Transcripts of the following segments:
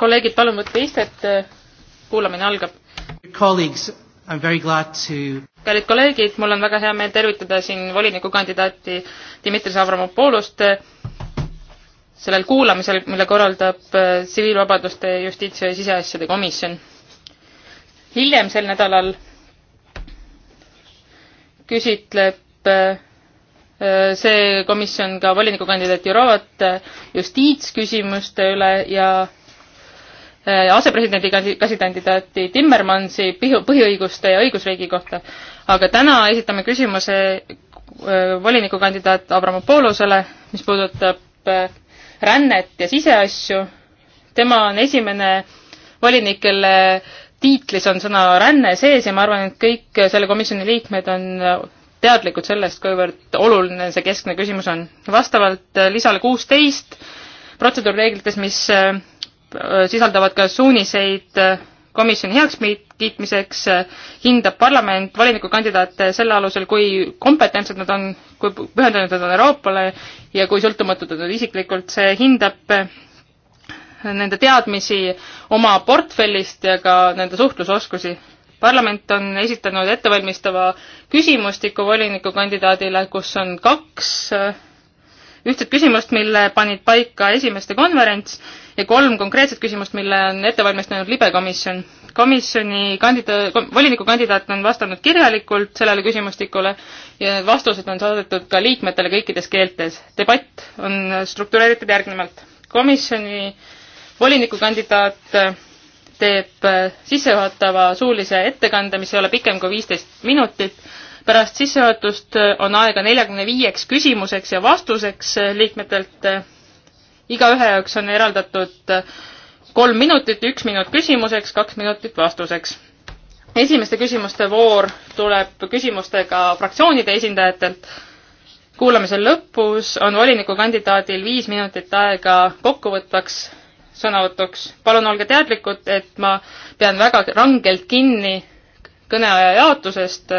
kolleegid, palun võtke istet, kuulamine algab. kallid kolleegid, mul on väga hea meel tervitada siin volinikukandidaati Dimitris Avramopoulost äh, sellel kuulamisel, mille korraldab äh, tsiviilvabaduste justiits- ja siseasjade komisjon. hiljem sel nädalal küsitleb äh, see komisjon ka volinikukandidaat Jurovat justiitsküsimuste üle ja Äh, asepresidendi kandidaati Timmermansi põhiõiguste ja õigusriigi kohta. aga täna esitame küsimuse äh, volinikukandidaat Abramopoulosele, mis puudutab äh, rännet ja siseasju. tema on esimene volinik, kelle tiitlis on sõna ränne sees ja ma arvan, et kõik selle komisjoni liikmed on teadlikud sellest, kuivõrd oluline see keskne küsimus on. vastavalt lisale kuusteist protseduurireeglites, mis Äh, sisaldavad ka suuniseid äh, komisjoni heakskiitmiseks, äh, hindab parlament volinikukandidaate selle alusel, kui kompetentsed nad on, kui pühendunud nad on Euroopale ja kui sõltumatud nad on isiklikult, see hindab nende teadmisi oma portfellist ja ka nende suhtlusoskusi. parlament on esitanud ettevalmistava küsimustiku volinikukandidaadile, kus on kaks ühtset küsimust, mille panid paika esimeste konverents ja kolm konkreetset küsimust, mille on ette valmistanud libekomisjon. komisjoni kandida-, volinikukandidaat on vastanud kirjalikult sellele küsimustikule ja vastused on saadetud ka liikmetele kõikides keeltes. debatt on struktureeritud järgnevalt. komisjoni volinikukandidaat teeb äh, sissejuhatava suulise ettekande, mis ei ole pikem kui viisteist minutit. pärast sissejuhatust äh, on aega neljakümne viieks küsimuseks ja vastuseks äh, liikmetelt. igaühe jaoks on eraldatud kolm minutit, üks minut küsimuseks, kaks minutit vastuseks. esimeste küsimuste voor tuleb küsimustega fraktsioonide esindajatelt kuulamise lõpus on volinikukandidaadil viis minutit aega kokkuvõtvaks sõnavõtuks. palun olge teadlikud, et ma pean väga rangelt kinni kõneaja jaotusest.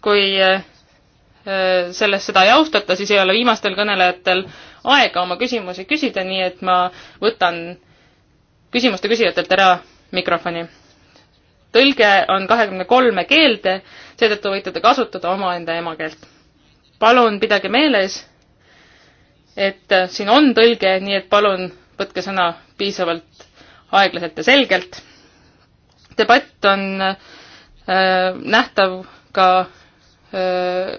kui äh, sellest seda ei austata, siis ei ole viimastel kõnelejatel aega oma küsimusi küsida, nii et ma võtan küsimuste küsijatelt ära mikrofoni. tõlge on kahekümne kolme keelde, seetõttu võite te kasutada omaenda emakeelt. palun pidage meeles, et siin on tõlge, nii et palun võtke sõna piisavalt aeglaselt ja selgelt. debatt on äh, nähtav ka äh,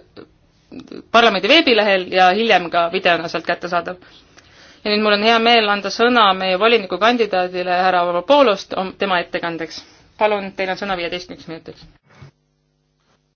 parlamendi veebilehel ja hiljem ka videona sealt kättesaadav. ja nüüd mul on hea meel anda sõna meie volinikukandidaadile härra Avapolost tema ettekandeks. palun, teil on sõna viieteistkümneks minutiks